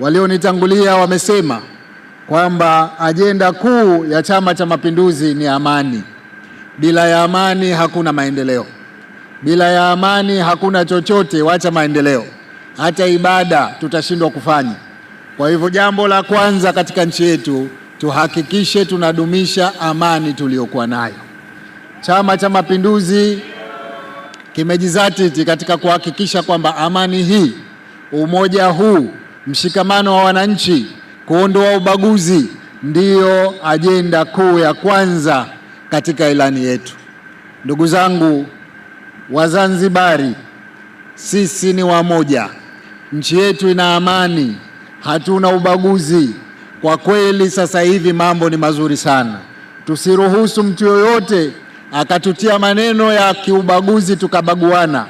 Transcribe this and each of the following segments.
Walionitangulia wamesema kwamba ajenda kuu ya Chama cha Mapinduzi ni amani. Bila ya amani hakuna maendeleo, bila ya amani hakuna chochote, wacha maendeleo, hata ibada tutashindwa kufanya. Kwa hivyo, jambo la kwanza katika nchi yetu tuhakikishe tunadumisha amani tuliyokuwa nayo. Chama cha Mapinduzi kimejizatiti katika kuhakikisha kwamba amani hii, umoja huu mshikamano wa wananchi, kuondoa ubaguzi ndiyo ajenda kuu ya kwanza katika ilani yetu. Ndugu zangu Wazanzibari, sisi ni wamoja, nchi yetu ina amani, hatuna ubaguzi. Kwa kweli sasa hivi mambo ni mazuri sana. Tusiruhusu mtu yoyote akatutia maneno ya kiubaguzi tukabaguana,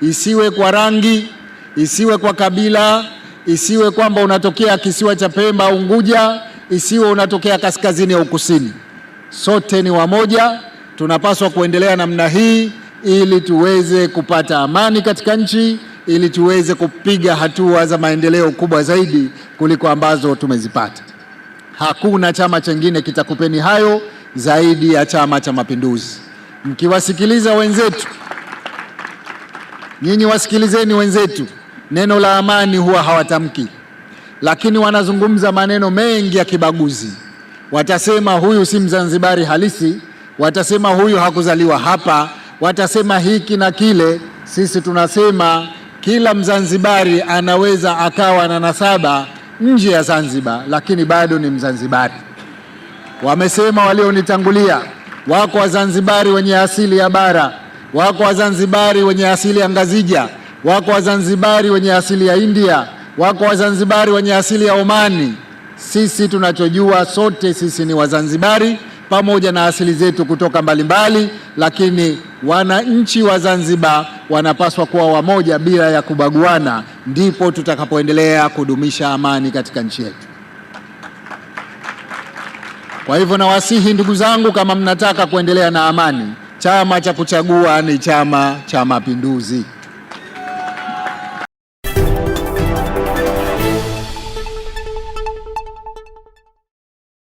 isiwe kwa rangi, isiwe kwa kabila isiwe kwamba unatokea kisiwa cha Pemba au Unguja, isiwe unatokea kaskazini au kusini. Sote ni wamoja, tunapaswa kuendelea namna hii ili tuweze kupata amani katika nchi, ili tuweze kupiga hatua za maendeleo kubwa zaidi kuliko ambazo tumezipata. Hakuna chama chengine kitakupeni hayo zaidi ya Chama cha Mapinduzi. Mkiwasikiliza wenzetu, nyinyi wasikilizeni wenzetu neno la amani huwa hawatamki, lakini wanazungumza maneno mengi ya kibaguzi. Watasema huyu si Mzanzibari halisi, watasema huyu hakuzaliwa hapa, watasema hiki na kile. Sisi tunasema kila Mzanzibari anaweza akawa na nasaba nje ya Zanzibar, lakini bado ni Mzanzibari. Wamesema walionitangulia, wako Wazanzibari wenye asili ya bara, wako Wazanzibari wenye asili ya Ngazija wako Wazanzibari wenye asili ya India, wako Wazanzibari wenye asili ya Omani. Sisi tunachojua sote, sisi ni Wazanzibari pamoja na asili zetu kutoka mbalimbali mbali, lakini wananchi wa Zanzibar wanapaswa kuwa wamoja bila ya kubaguana, ndipo tutakapoendelea kudumisha amani katika nchi yetu. Kwa hivyo nawasihi ndugu zangu, kama mnataka kuendelea na amani, chama cha kuchagua ni Chama cha Mapinduzi.